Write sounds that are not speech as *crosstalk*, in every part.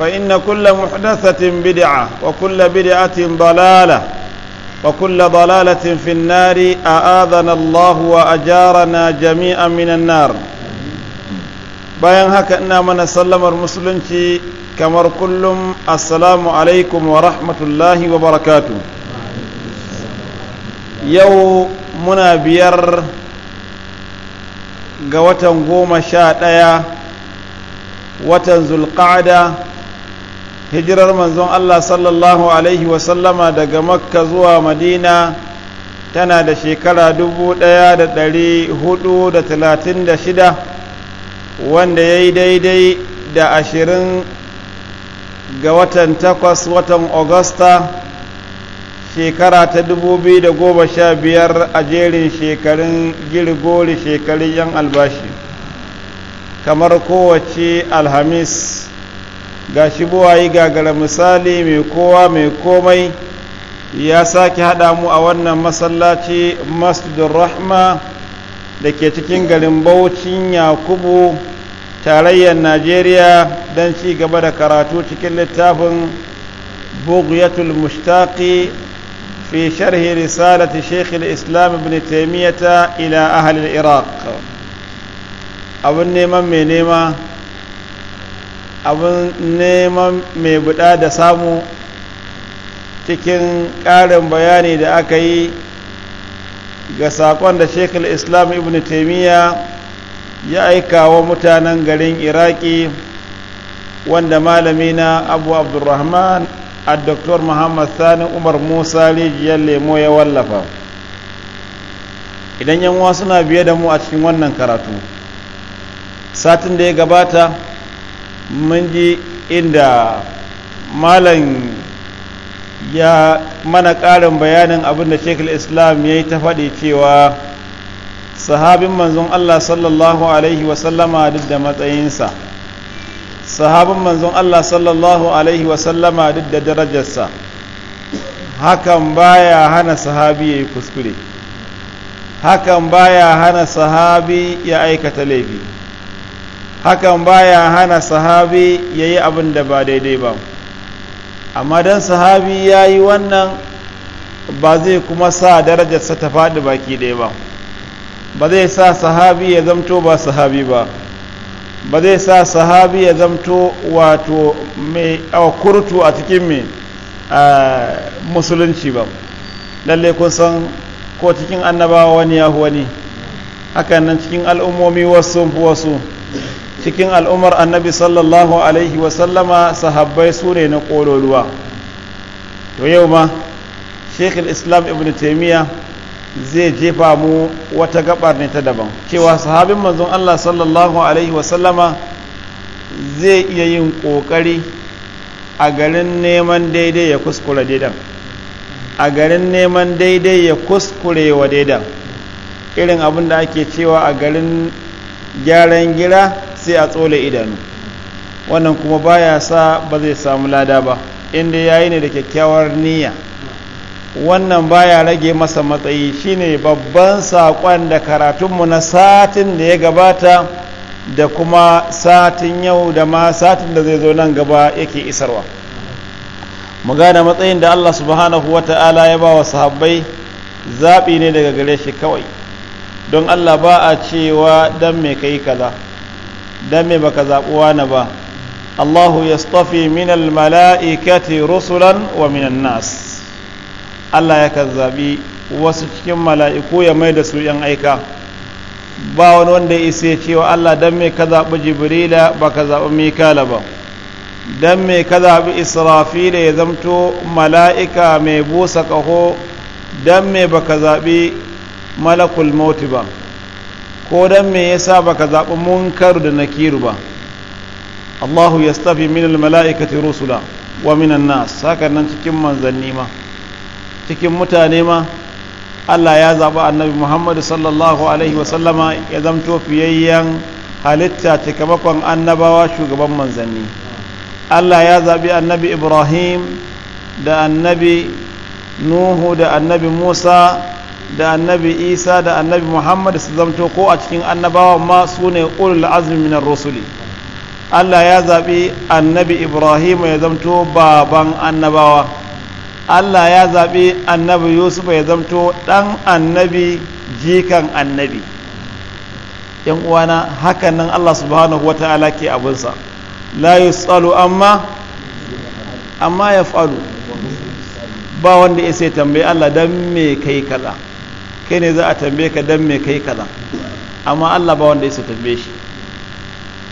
فإن كل محدثة بدعة وكل بدعة ضلالة وكل ضلالة في النار أآذنا الله وأجارنا جميعا من النار bayan haka ina mana sallamar musulunci kamar kullum assalamu alaikum wa rahmatullahi wa barakatu yau muna biyar ga watan goma sha ɗaya watan zulƙada hijirar manzon Allah sallallahu alaihi wasallama daga makka zuwa madina tana da shekara da da da hudu talatin shida wanda ya yi daidai da ashirin ga watan takwas watan augusta shekara ta 2015 a jerin shekarun girgori shekarun yan albashi kamar kowace alhamis ga shi buwayi gagara misali mai kowa mai komai ya sake haɗa mu a wannan masallaci masjidun rahma da ke cikin garin baucin yakubu tarayyar najeriya don ci gaba da karatu cikin littafin bugyatul mushtaqi fi sharhi risalati sheikh islam ibn taimiyata ila ahalin iraq abin neman mai nema abin neman mai buɗa da samu cikin ƙarin bayani da aka yi ga saƙon da shekul islam ibn taimiyya ya aika wa mutanen garin iraki wanda malami na abu abdurrahman a doktor muhammad sani umar musa rijiyar lemo ya wallafa idan yanwa suna biye da mu a cikin wannan karatu satin da ya gabata mun ji inda malam ya mana ƙarin bayanin abin da shekul islam ya yi ta faɗi cewa sahabin manzon allah sallallahu alaihi wasallama duk da matsayinsa sahabin manzon allah sallallahu alaihi wasallama duk da darajarsa hakan baya hana sahabi ya yi kuskure hakan baya hana sahabi ya aikata laifi hakan baya hana sahabi ya yi abin da ba daidai ba amma don sahabi ya yi wannan ba zai kuma sa darajarsa ta faɗi baki ɗaya ba ba zai sa sahabi ya zamto ba sahabi ba ba zai sa sahabi ya zamto wato mai kurtu a cikin mai musulunci ba lalle kun san ko cikin annabawa wani yahu wani hakan nan cikin al'ummomi wasu wasu cikin al'ummar annabi sallallahu alaihi wasallama sahabbai su ne na ƙololuwa to yau ma shekul islam ibn taimiyya zai jefa mu wata gabar ne ta daban cewa sahabin manzon allah sallallahu alaihi wasallama zai iya yin ƙoƙari a garin neman daidai ya kuskura daidan a garin neman daidai ya kuskure wa daidan irin abin da ake cewa a garin gyaran gira sai a tsole idanu wannan kuma baya sa ba zai samu lada ba inda yayi ne da kyakkyawar niyya wannan baya rage masa matsayi shine babban saƙon da karatunmu na satin da ya gabata da kuma satin yau da ma satin da zai zo nan gaba yake isarwa mu gane matsayin da Allah subhanahu wata'ala ya ba wa sahabbai zaɓi ne daga gare shi kawai don Allah ba a cewa dan me kai kaza dan mai baka zaɓuwa wani ba Allahu yastafi min almala'ikati rusulan wa minan nas Allah ya zaɓi wasu cikin mala'iku ya mai da su yan aika ba wani wanda ya isa cewa Allah dan me ka zaɓi Jibrila baka zaɓi Mikala ba dan me ka zaɓi Israfila ya zamto mala'ika mai busa ƙaho dan me baka zaɓi malakul mauti ba ko dan me yasa baka zaɓi munkar da nakiru ba Allahu yastafi min almalaikati rusula wa min nas haka nan cikin manzanni ma cikin mutane ma Allah ya zaɓi annabi Muhammad sallallahu alaihi wa sallama ya zamto fiyayyen halitta cikamakon annabawa shugaban manzanni Allah ya zaɓi annabi Ibrahim da annabi Nuhu da annabi Musa da annabi isa da annabi muhammad su zamto ko a cikin annabawa ma su ne ulul azmi minar rusuli allah ya zaɓi annabi ibrahim ya zamto baban annabawa allah ya zaɓi annabi yusuf ya zamto ɗan annabi jikan annabi yan uwana hakan nan allah subhanahu wa ta'ala ke abinsa la yusalu amma amma ya faru ba wanda ya sai tambayi allah don me kai kaza kai ne za a tambaye ka dan me kai kaza amma Allah ba wanda yake tambaye shi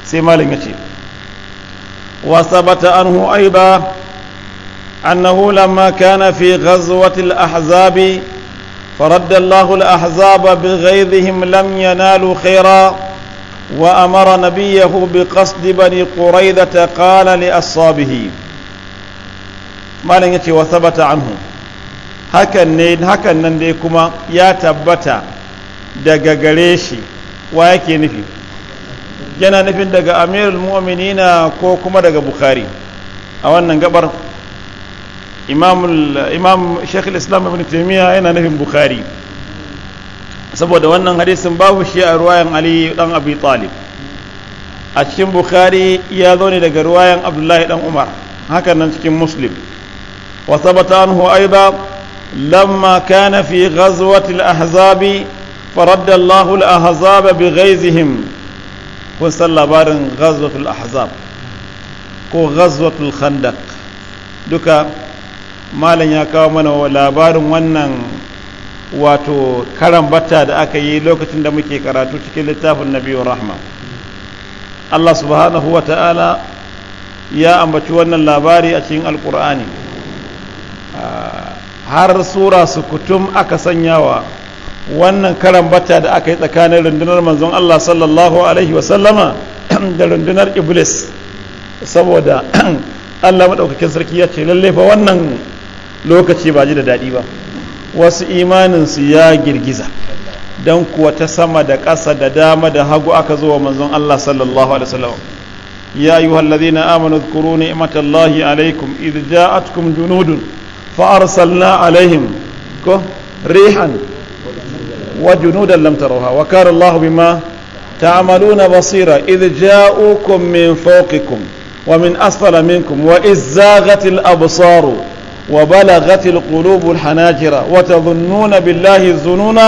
sai malam yace wa sabata anhu aiba annahu lamma kana fi ghazwati al-ahzab فرد الله الأحزاب بغيظهم لم ينالوا خيرا وأمر نبيه بقصد بني قريدة قال لأصحابه ما لن وثبت عنه hakan ne nan dai kuma ya tabbata daga gare shi wa yake nufi yana nufin daga amirul mu'minina ko kuma daga bukhari a wannan gabar imam shekul islam abin taimiyya yana nufin bukhari saboda wannan hadisin babu shi a ruwayan ali dan abi talib a cikin bukari ya zo ne daga ruwayan abdullahi dan umar hakan nan cikin muslim wa sabata anhu aida لما fi في غزوة الأحزاب فرد الله bi بغيظهم kun san labarin ghazwatul ahzab ko ghazwatul khandaq duka malam ya kawo mana labarin wannan wato karambata da aka yi lokacin da muke karatu cikin littafin nabiyur rahma Allah subhanahu wa ta'ala ya ambaci wannan labari a cikin alkur'ani har sura su kutum aka sanyawa wannan karan bata da aka yi tsakanin rundunar manzon Allah sallallahu alaihi wasallama *clears throat* da rundunar iblis saboda *clears throat* Allah maɗaukakin sarki ya ce lalle fa wannan lokaci ba ji da daɗi ba wasu imaninsu ya girgiza don kuwa ta sama da ƙasa da dama da hagu aka zo wa manzon Allah sallallahu alaihi wasallam ya ayyuhallazina amanu dhkuru ni'matallahi alaikum idh ja'atkum junudun فأرسلنا عليهم ريحا وجنودا لم تروها وكان الله بما تعملون بصيرا إذ جاءوكم من فوقكم ومن أسفل منكم وإذ زاغت الأبصار وبلغت القلوب الحناجر وتظنون بالله الظنون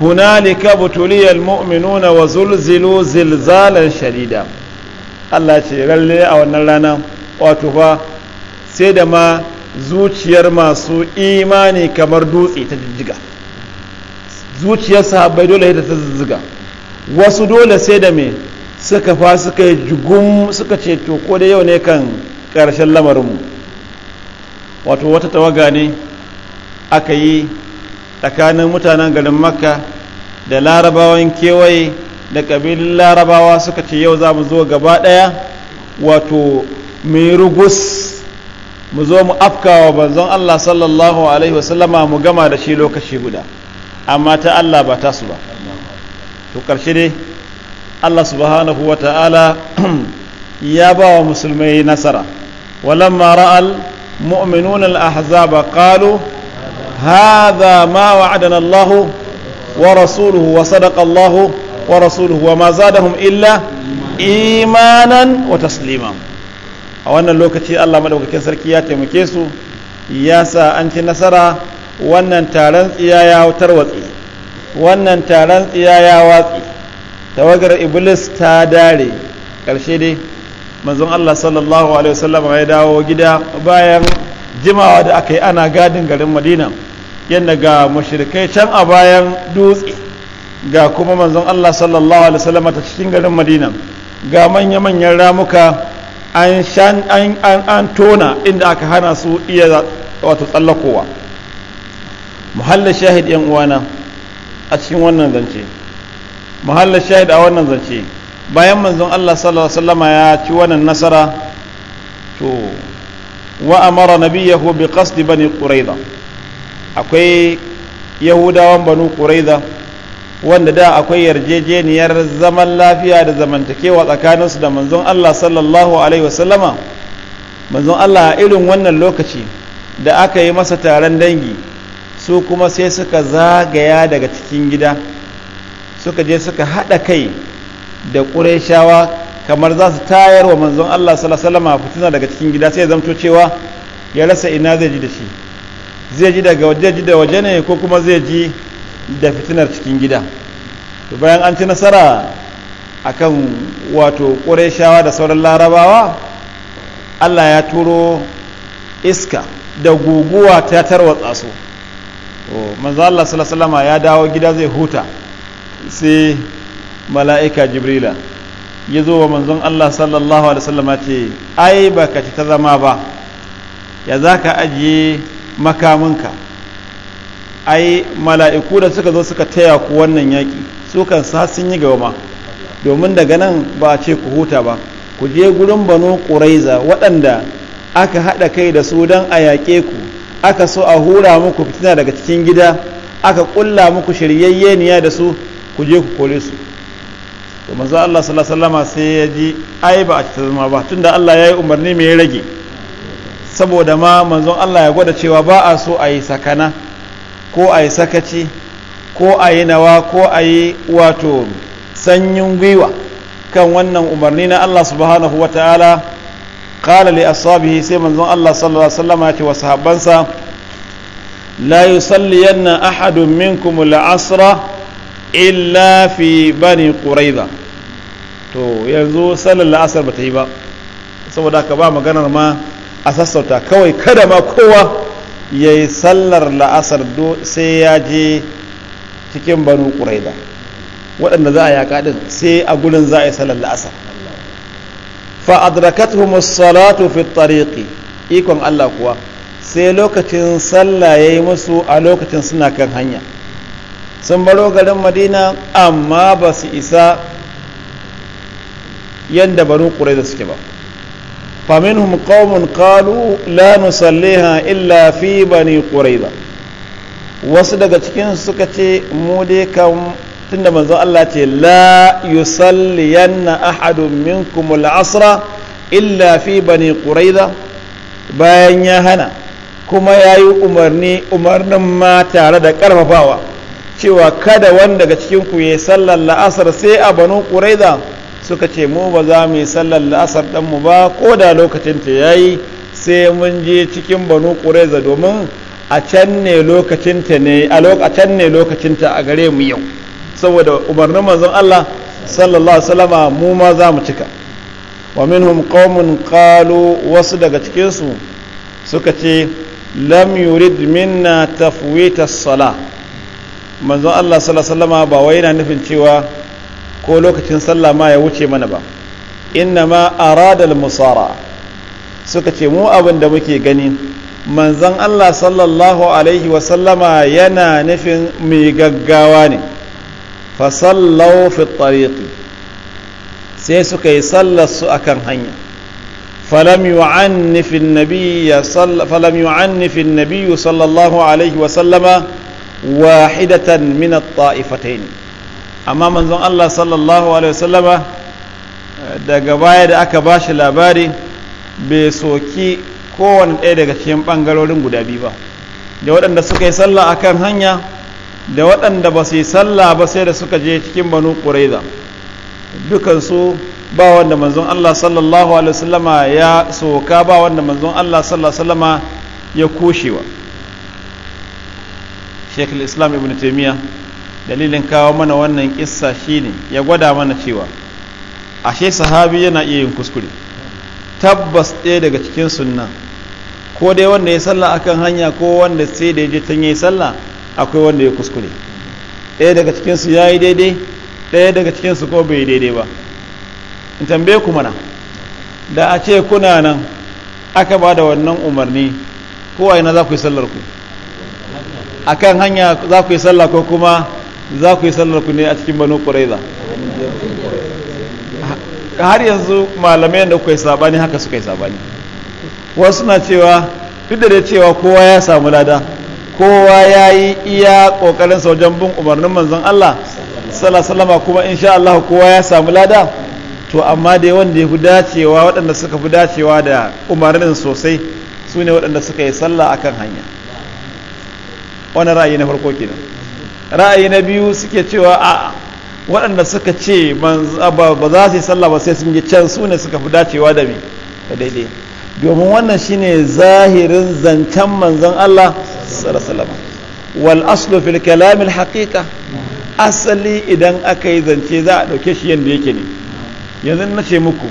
هنالك ابتلي المؤمنون وزلزلوا زلزالا شديدا الله يقول لي أو أن لنا سيدما zuciyar masu imani kamar dutse ta jijjiga zuciyar sahabbai dole ta jijjiga wasu dole sai da me suka fa suka yi jigun suka ce to ko da yau ne kan karshen lamarinmu wato wata tawaga ne aka yi tsakanin mutanen garin makka da larabawan kewaye da ƙabilin larabawa suka ce yau za mu zo gaba ɗaya wato mai rugus mu zo mu afkawa banzon Allah sallallahu alaihi wasallama mu gama da shi lokaci guda amma ta Allah ba tasu ba to karshe Allah subhanahu wa ta'ala *clears throat* ya ba wa musulmai nasara walamma ra'al mu'minun al-ahzab qalu hadha ma wa'adana Allah wa rasuluhu wa sadaqa Allah wa rasuluhu wa ma zadahum illa imanan wa taslima a wannan lokaci Allah madaukakin sarki ya taimake su ya sa an ci nasara wannan taron tsiya ya tarwatsi wannan taron tsiya watsi tawagar iblis ta dare ƙarshe dai manzon Allah sallallahu alaihi wasallam ya dawo gida bayan jimawa da aka yi ana gadin garin Madina yadda ga mushrikai can a bayan dutse ga kuma manzon Allah sallallahu alaihi wasallam ta cikin garin Madina ga manya-manyan ramuka an tona inda aka hana su iya wato tsallakowa muhallin shahid yan uwana a cikin wannan zance muhallin shahid a wannan zance bayan manzon Allah sallallahu alaihi wasallama ya ci wannan nasara to wa amara nabiyahu bi qasdi bani quraiza akwai yahudawan banu quraiza wanda da akwai yarjejeniyar zaman lafiya da zamantakewa tsakaninsu da manzon Allah sallallahu alaihi wasallama manzon Allah a irin wannan lokaci da aka yi masa taron dangi su kuma sai suka zagaya daga cikin gida suka je suka haɗa kai da ƙureshawa kamar za su tayar wa manzon Allah sallallahu alaihi wasallama fitina daga cikin gida sai zamto cewa ya rasa ina zai ji da shi zai ji daga ji da waje ne ko kuma zai ji da fitinar cikin gida bayan an ci nasara akan wato ƙureshawa da sauran larabawa allah ya turo iska da guguwa ta tarwatsa su manzo allah salama ya dawo gida zai huta sai mala'ika jibrila ya zo wa manzon allah sallallahu alaihi wasallama ce ai baka ci ta zama ba ya za ka ajiye makaminka ai mala'iku da suka zo suka taya ku wannan yaƙi su kan sa sun yi gaba domin daga nan ba a ce ku huta ba ku je gurin banu ƙuraiza waɗanda aka haɗa kai da su don a yaƙe ku aka so a hura muku fitina daga cikin gida aka ƙulla muku shiryayyeniya da su ku je ku kore su to manzo Allah sallallahu sai ya ji ai ba a ci zama ba tunda Allah ya umarni mai rage saboda ma manzon Allah ya gwada cewa ba a so a yi sakana ko a yi sakaci ko a yi nawa ko a yi wato sanyin gwiwa kan wannan umarni na Allah subhanahu wa ta'ala qala li ashabihi sai manzon Allah sallallahu alaihi ce wa sahabbansa la yusalliyanna ahadun minkum mu illa fi bani ƙura'iza. to yanzu sallar la'asar ba ta yi ba saboda ka ba maganar ma a sassauta kawai kada ma kowa ya yi sallar la'asar sai ya je cikin banu ƙuraida waɗanda za a yaƙa ɗin sai a gudun za a yi sallar la'asar fa'adrakatuhumus salatu fi ikon Allah kuwa sai lokacin sallah ya yi musu a lokacin suna kan hanya sun baro garin madina amma ba su isa yadda banu ƙuraida suke ba فمنهم قوم قالوا لا نصليها إلا في بني قريظة wasu daga cikin suka ce mu dai kan tunda manzo Allah ce la yusalliyanna ahadun minkum al-asra illa fi bani quraiza bayan ya hana kuma yayi umarni umarnin ma tare da karfafawa cewa kada wanda daga cikin ku yayi sallar la'asar sai a banu quraiza suka ce mu ba za mu yi sallar la'asar ɗanmu ba ko da lokacin ta ya yi sai mun je cikin banu ƙureza domin a can ne lokacin ta ne a can ne lokacin ta a gare mu yau saboda umarnin manzon Allah sallallahu alaihi mu ma za mu cika wa minhum qaumun qalu wasu daga cikin su suka ce lam yurid minna tafwita as-salah manzon Allah sallallahu alaihi ba wai yana nufin cewa ko lokacin sallah ma ya wuce mana ba inna ma aradal musara suka ce mu abin da muke gani manzan Allah sallallahu alaihi wasallama yana nufin mai gaggawa ne fasallau fi sai suka yi sallarsu akan hanya falam yu'anni fi nabiyyi falam sallallahu alaihi wasallama wahidatan min at ne amma manzon Allah sallallahu alaihi wasallama daga baya da aka ba shi labari bai soki kowane ɗaya daga cikin ɓangarorin guda biyu ba da waɗanda suka yi sallah akan hanya da waɗanda ba su yi sallah ba sai da suka je cikin banu ƙuraiza dukansu ba wanda manzon Allah sallallahu alaihi wasallama ya soka ba wanda manzon Allah sallallahu alaihi wasallama ya kushewa Sheikh Islam Ibn Taymiyyah dalilin kawo mana wannan kissa shine ya gwada mana cewa ashe sahabi yana iya yin kuskure tabbas ɗaya daga cikin sunna ko dai wanda ya sallah akan hanya ko wanda sai da je can yayi sallah akwai wanda ya kuskure ɗaya daga cikin su yayi daidai ɗaya daga cikin su ko bai daidai ba in tambaye ku mana da a ce kuna nan aka ba da wannan umarni kowa ina za ku yi sallar ku akan hanya za ku yi sallah ko kuma za ku yi sallar ku ne a cikin banu ƙuraiza har yanzu malamai da kuka yi sabani haka suka yi sabani wasu na cewa duk da cewa kowa ya samu lada kowa ya yi iya ƙoƙarin wajen bin umarnin manzan Allah salama kuma in sha Allah kowa ya samu lada to amma dai wanda ya fi dacewa waɗanda suka fi dacewa da umarnin sosai su ne waɗanda suka yi sallah akan hanya wani ra'ayi na farko kenan ra'ayi na biyu suke cewa a waɗanda suka ce ba za su yi sallah ba sai sun yi can su ne suka fi dacewa da me da daidai domin wannan shine zahirin zancen manzon Allah sallallahu wal aslu fil kalam al asali idan aka yi zance za a ɗauke shi yanda yake ne yanzu na ce muku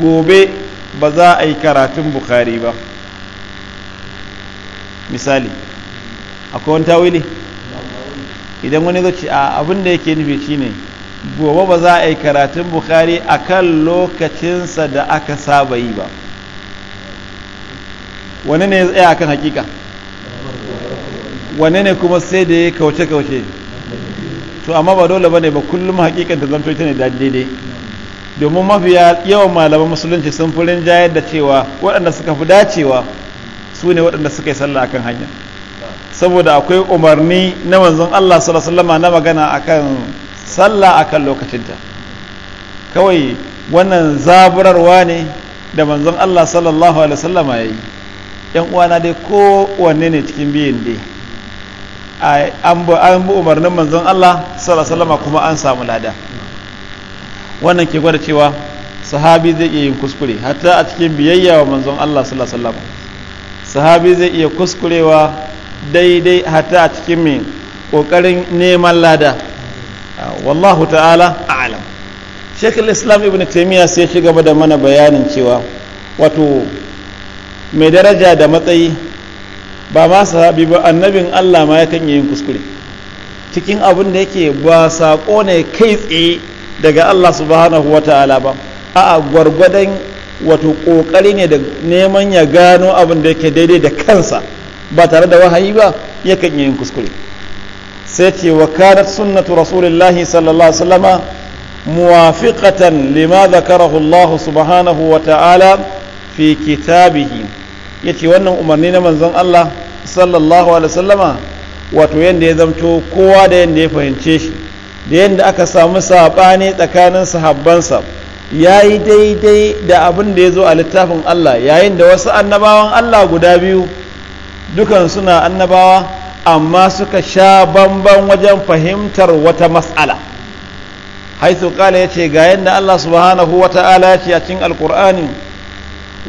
gobe ba za a yi karatun bukhari ba misali akwai wani tawili idan wani zai ce a abin da yake nufi shine gobe ba za a yi karatun bukari a kan lokacinsa da aka saba yi ba wani ne ya a akan hakika wani ne kuma sai da ya kauce-kauce to amma ba dole ba ne ba kullum hakikan da zanto ita ne da daidai domin mafiya yawan malaman musulunci sun furin jayar da cewa waɗanda suka fi dacewa su ne waɗanda suka yi sallah akan hanyar. saboda akwai umarni na manzon Allah sallama na magana akan sallah akan lokacinta kawai wannan zaburarwa ne da manzon Allah sallallahu alaihi wasallam ya yi uwa uwana dai ko wanne ne cikin biyin dai an bu umarnin manzon Allah sallallahu alaihi wasallam kuma an samu lada wannan ke gwada cewa sahabi zai iya yin kuskure hatta a cikin biyayya wa manzon Allah sallallahu alaihi wasallam sahabi zai iya kuskurewa daidai hata a cikin mai ƙoƙarin neman lada ah, wallahu ta'ala a'lam shekul islam ibn taimiyya sai shi gaba da mana bayanin cewa wato mai daraja da matsayi ba ma sahabi ba annabin allah ma yakan yi yin kuskure cikin abin da yake ba saƙo ne kai tsaye daga allah subhanahu wa ta'ala ba a'a gwargwadon wato ƙoƙari ne da neman ya gano abin da yake daidai da kansa ba tare da wahayi ba ya yakan yi kuskure sai ce wa kanat sunnatu rasulillahi sallallahu alaihi wasallama muwafiqatan lima zakarahu Allah subhanahu wa ta'ala fi kitabihi yace wannan umarni na manzon Allah sallallahu alaihi wasallama wato yanda ya zamto kowa da yanda ya fahimce shi da yanda aka samu sabani tsakanin sahabbansa ya yi daidai da abin da ya zo a littafin Allah yayin da wasu annabawan Allah guda biyu dukan suna annabawa amma suka sha bamban wajen fahimtar wata mas'ala haithu kala ya ce ga yadda Allah subhanahu wa ta'ala ya ce a cikin alkur'ani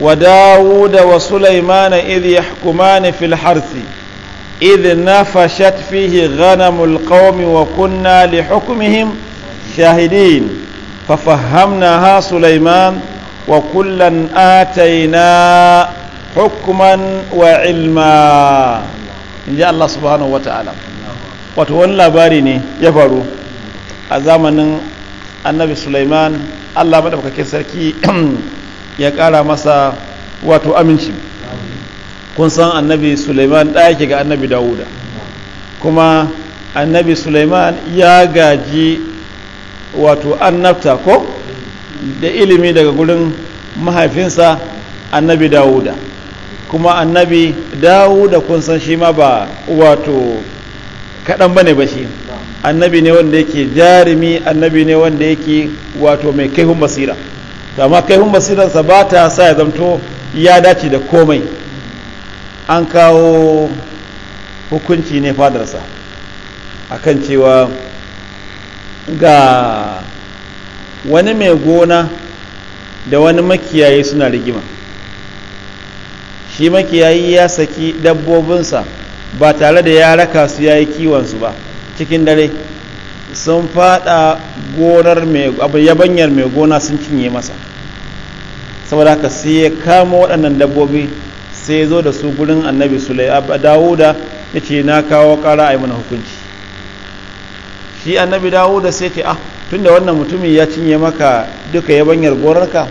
wa dawuda wa sulaimana idh yahkumani fil harsi idh nafashat fihi ghanamul qaumi wa kunna li hukmihim shahidin sulaiman wa وكلا آتينا hukuman wa ilma in ji Allah subhanahu wa ta'ala wato wani labari ne ya faru a zamanin annabi Sulaiman Allah maɗaukakin sarki *clears throat* ya ƙara masa wato aminci kun san annabi Sulaiman ɗaya ga annabi Dawuda kuma annabi Sulaiman ya gaji wato annabta ko da ilimi daga gurin mahaifinsa annabi Dawuda kuma annabi dawo da kun san shi ma ba wato kaɗan bane ba shi annabi ne wanda yake jarumi annabi ne wanda yake wato mai kaihun basira to amma kaihun basirarsa ba ta sa ya zamto ya dace da komai an kawo hukunci ne fadarsa akan cewa ga wani mai gona da wani makiyayi suna rigima shi makiyayi ya saki dabbobinsa ba tare da ya raka su ya yi kiwonsu ba cikin dare sun fada gonar yabanyar mai gona sun cinye masa saboda haka sai ya kama waɗannan dabbobi sai ya zo da su gurin annabi sulai dawuda ya ce na kawo ƙara a yi mana hukunci shi annabi dawuda sai ce ah tunda wannan mutumin ya cinye maka duka yabanyar gorarka.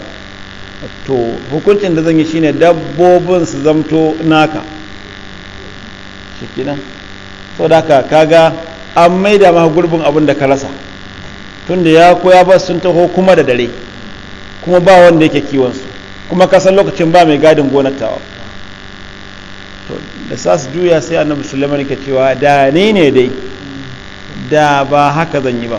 to hukuncin da zan yi shine dabbobin su zamto naka shikina so da ka kaga an maida ma gurbin abin da ka rasa tunda ya koya ba sun taho kuma da dare kuma ba wanda yake kiwon su kuma ka san lokacin ba mai gadin gonar tawa to da sa juya sai annabi sulaiman ke cewa da ne ne dai da ba haka zan yi ba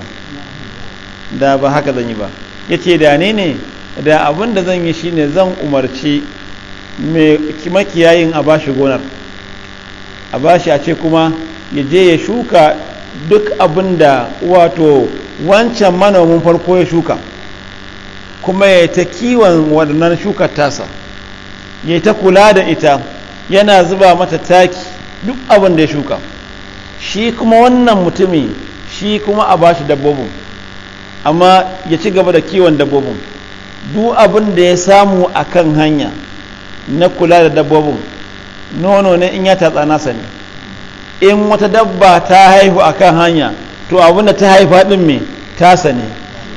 da ba haka zan yi ba yace da ne ne da abin da zan yi shine zan umarci mai makiyayin a bashi gonar a bashi a ce kuma ya je ya shuka duk abin da wato wancan manomin farko ya shuka kuma ya ta kiwon waɗannan shukar tasa ya ta kula da ita yana zuba mata taki duk abin da ya shuka shi kuma wannan mutumi shi kuma a bashi dabbobin amma ya ci gaba da kiwon dabbobin duk abin da ya samu a kan hanya na kula da dabbobin nono ne in ya tatsa nasa ne in wata dabba ta haihu a kan hanya to abin da ta haifa ɗin me tasa ne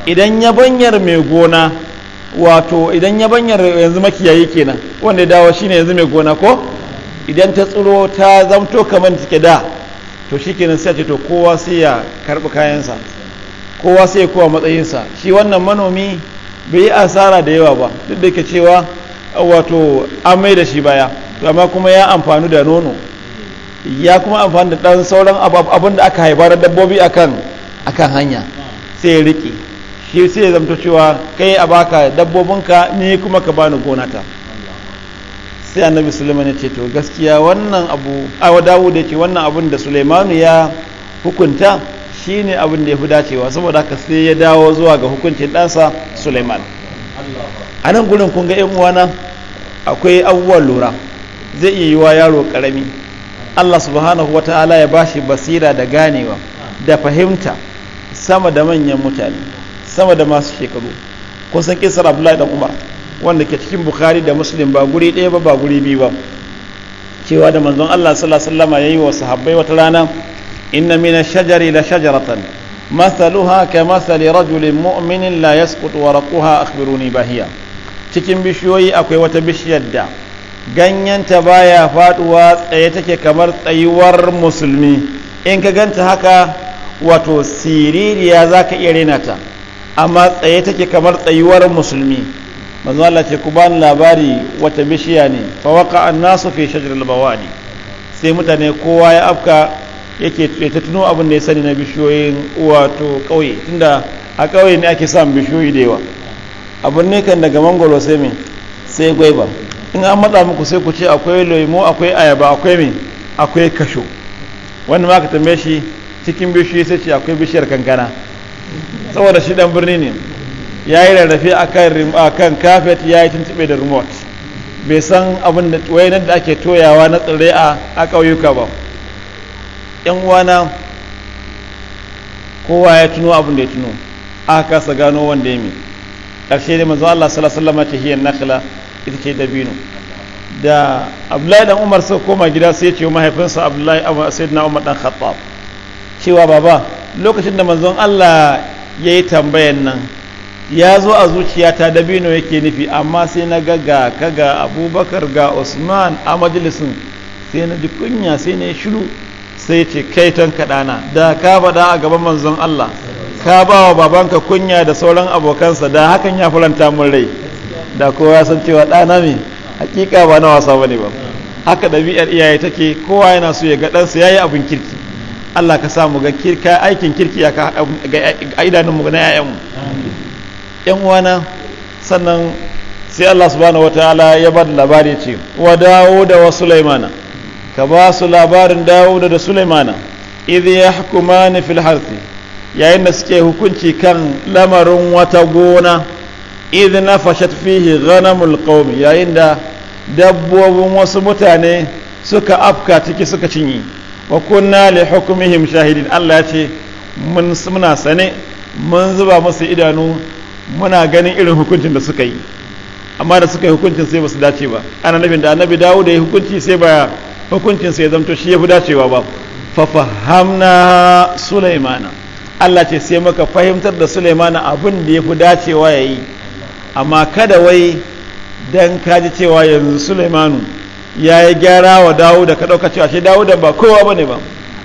idan ya banyar mai gona wato idan ya banyar yanzu makiyayi kenan wanda ya dawo ne yanzu mai gona ko idan ta tsiro ta zamto kamar take da to shi kenan sai ce to kowa sai ya karɓi kayansa kowa sai ya kowa matsayinsa shi wannan manomi bai yi asara da yawa ba duk da ke cewa wato an mai da shi baya amma kuma ya amfani da nono ya kuma amfani da ɗan sauran abin da aka haifar dabbobi akan kan hanya sai ya riƙe shi sai ya zamta cewa kai a baka dabbobinka ni kuma ka bani gonata sai annabi suleiman ya ce to gaskiya wannan abu a wadawu da ya ce wannan abin da suleimanu ya hukunta Shi ne abin da ya fi dacewa saboda haka sai ya dawo zuwa ga hukuncin ɗansa suleiman a nan gudun kun ga uwana akwai abubuwan lura zai iya yiwa yaro karami allah subhanahu wa ta'ala ya bashi basira da ganewa da fahimta sama da manyan mutane sama da masu shekaru kusan kisar abdullahi dan umar wanda ke cikin bukhari da muslim ba guri ɗaya ba ba guri biyu ba cewa da manzon allah sallallahu alaihi ya yi wa sahabbai wata rana إن من الشجر لشجرة مثلها كمثل رجل مؤمن لا يسقط ورقها أخبروني بهيا cikin bishiyoyi akwai wata bishiyar da ganyenta baya faɗuwa tsaye take kamar tsayuwar musulmi in ka ganta haka wato siririya za ka iya rena ta amma tsaye take kamar tsayuwar musulmi manzo Allah ce ku bani labari wata bishiya ne fa waqa an-nasu fi shajar al-bawadi sai mutane kowa ya afka yake ta tuno abin da ya sani na bishiyoyin wato ƙauye tunda a ƙauye ne ake samun bishiyoyi da yawa abin ne kan daga mangoro sai mai sai gwaiba in an matsa muku sai ku ce akwai lemo akwai ayaba akwai mai akwai kasho wanda ma ka tambaye shi cikin bishiyoyi sai ce akwai bishiyar kankana saboda shi dan birni ne ya yi rarrafe a kan kafet ya yi tuntube da remote bai san abin da wayanar da ake toyawa na tsirrai a ƙauyuka ba yan wana kowa ya tuno abin da ya tuno aka kasa gano wanda ya mi ƙarshe da mazu Allah sallallahu alaihi wasallam ta hiyar nakhla ita ce dabino da Abdullahi dan Umar sai koma gida sai ya ce mahaifinsa Abdullahi sayyidina Umar dan Khattab cewa baba lokacin da manzon Allah ya yi tambayan nan ya zo a zuciyata dabino yake nufi amma sai na ga ga ka ga Abubakar ga Usman a majalisin sai na ji kunya sai na yi shiru sai ce kai tan kaɗana da ka faɗa a gaban manzon Allah ka ba wa babanka kunya da sauran abokansa da hakan ya faranta mun rai da kowa san cewa ɗana ne hakika ba na wasa ne ba haka ɗabi'ar iyaye take kowa yana so ya ga ɗansa ya yi abin kirki Allah ka samu ga kirka aikin kirki ya ga idanunmu na 'ya'yanmu yan uwana sannan sai Allah subhanahu wataala ya bada labari ce wa dawo da wa Sulaimana ka ba su labarin dawuda da sulaimana idh yahkumani fil harthi yayin da suke hukunci kan lamarin wata gona idh nafashat fihi ghanamul qaumi yayin da dabbobin wasu mutane suka afka ciki suka cinye wa kunna li hukmihim shahidin Allah ya ce mun muna sane mun zuba musu idanu muna ganin irin hukuncin da suka yi amma da suka yi hukuncin sai ba su dace ba ana nabin da annabi dawo da ya hukunci sai ba hukuncin sai zamto shi ya fi dacewa ba fafahamna sulaimana Allah ce sai maka fahimtar da sulaimana abin da ya yafi dacewa yi amma kada wai dan kaji cewa yanzu sulaimanu ya yi gyara wa dawo da ka ɗauka cewa ashe dawo da ba kowa ba ne ba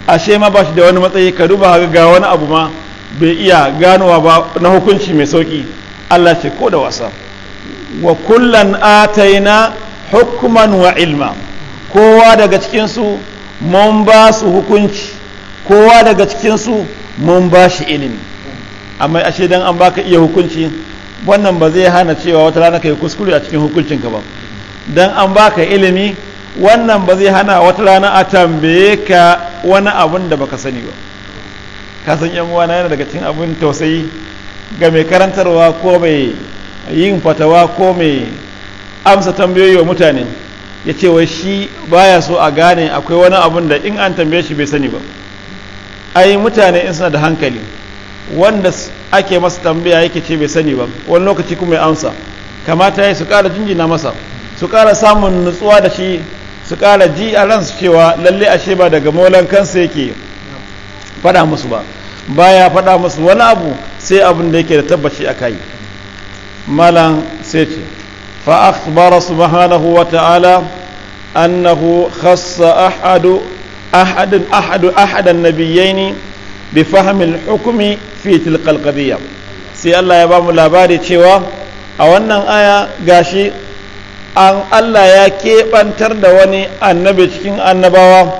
ashe ma ba shi da wani matsayi ka duba ga wani abu ma bai iya ganowa ba na hukunci mai sauki Allah ce ko da wasa wa kullan na hukuman wa ilma kowa daga cikinsu mun ba su hukunci kowa daga cikinsu mun ba shi ilimi amma ashe dan an baka iya hukunci wannan ba zai hana cewa wata rana kai kuskure a cikin hukuncinka ba dan an baka ilimi wannan ba zai hana wata rana a tambaye ka wani abun da baka sani ba kasan yan uwana yana daga cikin abin tausayi ga mai karantarwa ko mai yin fatawa ko mai amsa tambayoyi wa mutane ya ce wai shi baya so a gane akwai wani abun da in an tambaye shi bai sani ba ai mutane in suna da hankali wanda ake masa tambaya yake ce bai sani ba wani lokaci kuma ya amsa kamata ya su ƙara jinjina masa su ƙara samun nutsuwa da shi su ƙara ji a ransu cewa lalle ashe ba daga molan kansa yake faɗa musu ba baya faɗa musu wani abu sai abin da yake da tabbaci a kai malam sai ce فأخبر سبحانه وتعالى أنه خص أحد أحد أحد أحد النبيين بفهم الحكم في تلك القضية سي الله يا يبام لاباري تشيوا أو أن آية قاشي أن الله يا كيب أن تردوني النبي تشكين النبوة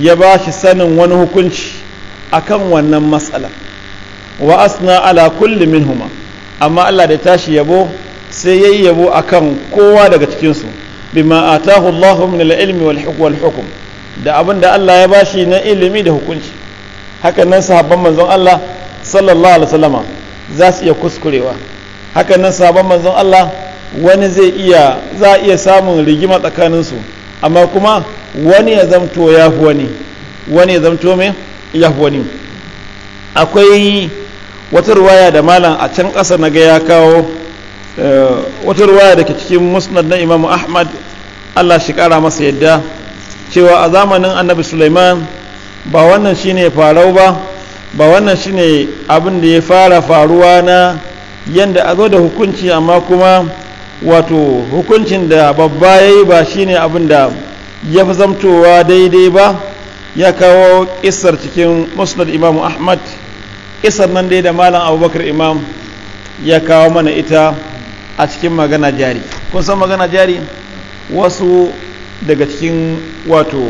يباشي سن ونهكنش أكم ونن مسألة وأثنى على كل منهما أما الله تاشي يبوه sai yayi yabo akan kowa daga cikin su bima atahu Allahu min al-ilmi wal hukm da abin da Allah ya bashi na ilimi da hukunci hakan nan sahabban manzon Allah sallallahu alaihi wasallama za su iya kuskurewa hakan nan sahabban manzon Allah wani zai iya za a iya samun rigima tsakanin su amma kuma wani ya zamto ya fi wani wani ya zamto me ya fi wani akwai wata ruwaya da malam a can ƙasa na ga ya kawo Eh, wata ruwaya da ke cikin musnad na imamu ahmad allah shi kara masa yadda cewa a zamanin annabi suleiman ba wannan shine farau ba ba wannan shine abin da ya fara faruwa na yadda a zo da hukunci amma kuma wato hukuncin da babba ya yi ba shine abin da ya fi zamtowa daidai ba ya kawo isar cikin musnad imamu ahmad isar nan dai da malam abubakar imam ya kawo mana ita a cikin magana jari kun san magana jari wasu daga cikin wato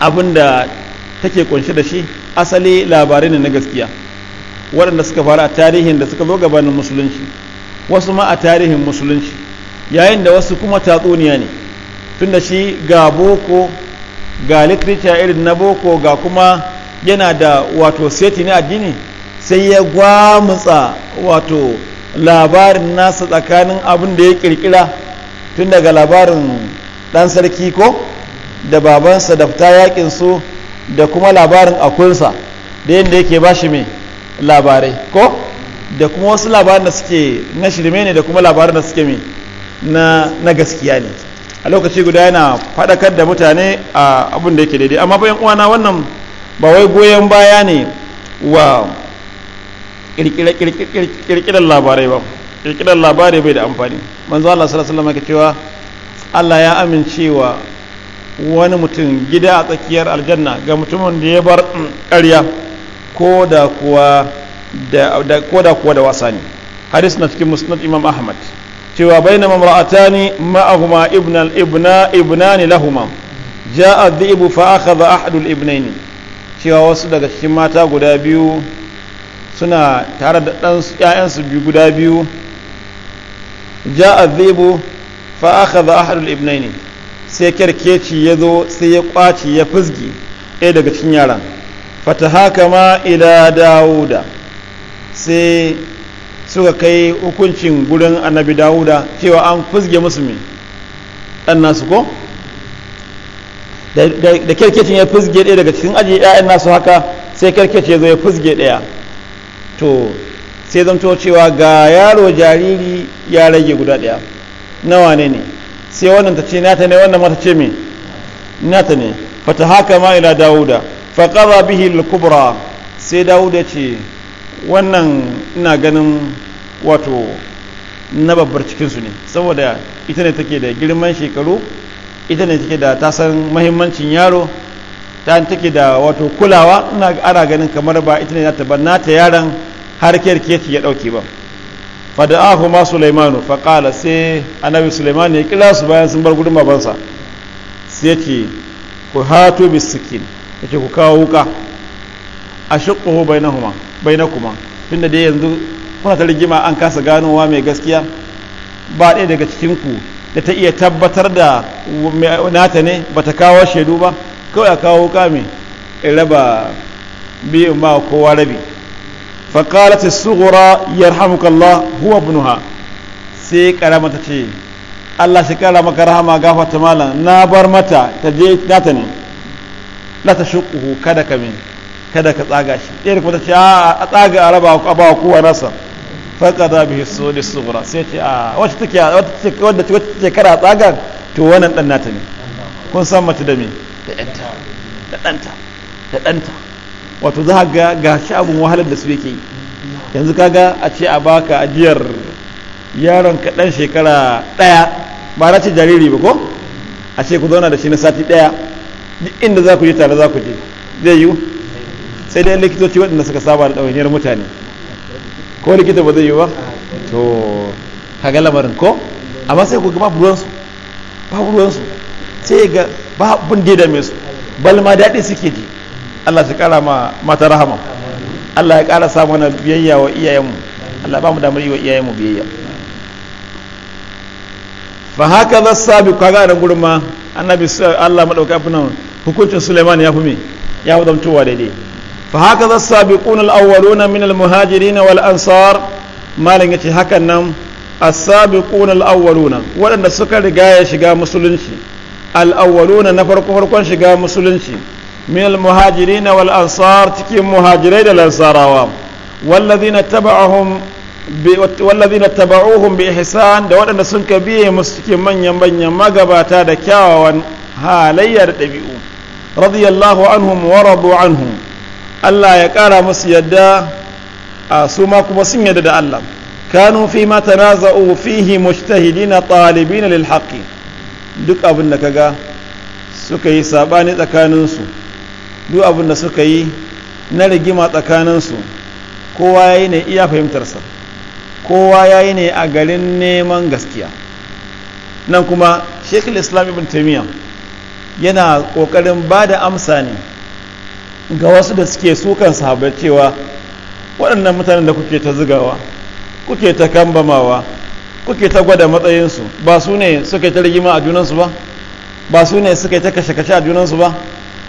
abin da take kunshe da shi asali labarai ne na gaskiya waɗanda suka fara a tarihin da suka zo gabanin musulunci wasu ma a tarihin musulunci yayin da wasu kuma tatsuniya ne tun da shi ga boko ga literature irin na boko ga kuma yana da wato seti na addini sai ya gwamutsa wato labarin nasa tsakanin abin da ya kirkira tun daga labarin dan sarki ko da babansa da fita yakin su da kuma labarin akunsa da yadda yake ba shi mai labarai ko da kuma wasu labarin da suke na shirme ne da kuma labarin da suke mai na gaskiya ne a lokaci guda yana faɗakar da mutane a abin da yake daidai amma bayan uwana wannan ba wai goyon baya ne wa kirkirar labarai ba kirkirar labarai bai da amfani manzo Allah sallallahu alaihi ke cewa Allah ya amincewa wani mutum gida a tsakiyar aljanna ga mutumin da ya bar mm, ƙarya ko da kuwa da ko da kuwa da wasa ne hadis na cikin musnad imam ahmad cewa bainama maratani ma'ahuma ibnal ibna ibnani lahuma ja'a dhibu fa akhadha ahadul ibnaini cewa wasu daga cikin mata guda biyu suna tare da ɗan ‘ya'yansu biyu guda biyu ja azibu fa aka za ahadul ibnaini sai kyarkeci ya zo sai ya kwaci ya fizgi ɗaya daga cikin yaran fata haka ma ila dawuda sai suka kai hukuncin gurin annabi dawuda cewa an fizge musulmi ɗan nasu ko da kyarkecin ya fizge ɗaya daga cikin aji ‘ya'yan nasu haka sai kyarkeci ya zo ya fizge ɗaya to sai zanto cewa ga yaro jariri ya rage guda ɗaya nawa ne ne sai wannan ta ce nata ne wannan mata ce me nata ne fata haka ma ila dawuda fa bihi al-kubra sai dawuda ce wannan ina ganin wato na babbar cikinsu ne saboda ita ne take da girman shekaru ita ne take da tasan mahimmancin yaro ta take da wato kulawa ina ana ganin kamar ba ita ne nata ba nata yaron har keci ya dauke ba fada'ahu ma sulaimanu fa sai annabi sulaiman ya kira su bayan sun bar gudun babansa sai yace ku hatu bisikin yace ku kawo wuka na kuma. bainakuma tunda dai yanzu kuna ta rigima an kasa ganowa mai gaskiya ba ɗaya daga cikin ku da ta iya tabbatar da nata ne ba ta kawo shaidu ba kawai a kawo kame in raba biyu ma kowa rabi ya sughra Kalla huwa ibnuha sai karama ta ce Allah shi kara maka rahama gafarta malam na bar mata ta je nata ne Na ta shuquhu kada ka min kada ka tsaga shi ɗaya kuma ta ce a tsaga a raba a bawa kowa nasa faƙada bihi sudi sughra sai ce a wacce take wadda ce kara tsaga to wannan dan nata ne kun san mace da me da danta da ɗanta wato za ga ga shi wahalar da su yake yanzu kaga a ce a baka ajiyar yaron ka ɗan shekara ɗaya ba na ce jariri ba ko a ce ku zauna da shi na sati ɗaya duk inda za ku je tare za ku je zai yiwu sai dai likitoci waɗanda suka saba da ɗawainiyar mutane ko likita ba zai yiwu ba to kaga lamarin ko amma sai ku ga buruwansu ba buruwansu sai ga ba abin da dame su bal ma daɗi suke ji Allah su ƙara ma mata rahama Allah ya ƙara sa mana biyayya wa iyayenmu Allah ba mu damar yi wa iyayenmu biyayya fa haka za su sabi kaga da gurma ma annabi Allah madauka nan hukuncin Suleiman ya fi me ya zamtowa daidai fa haka za su sabi kunal awwaluna min al muhajirina wal ansar malin ya ce hakan nan asabiquna al-awwaluna waɗanda suka riga ya shiga musulunci al'awwaluna na farko farkon shiga musulunci Mil al-muhajirina wal ansar cikin muhajirai da lansarawa wallazina taba'ahum wallazina bi ihsan da waɗanda sun ka biye musu cikin manyan manyan magabata da kyawawan halayya da ɗabi'u radiyallahu anhum wa radu anhum Allah ya ƙara musu yadda a su ma kuma sun yadda da Allah kanu fi ma tanaza'u fihi mujtahidina talibina lil haqqi duk abin da kaga suka yi sabani tsakaninsu duk abin da suka yi na rigima tsakaninsu kowa ya yi ne iya fahimtarsa kowa ya yi ne a garin neman gaskiya nan kuma shekul islam ibn taimiyya yana ƙoƙarin ba da amsa ne ga wasu da suke sukan sahabar cewa waɗannan mutanen da kuke ta zigawa kuke ta kambamawa kuke ta gwada matsayinsu ba su ne suka ta rigima a junansu ba ba su ne suka ta kashe-kashe a junansu ba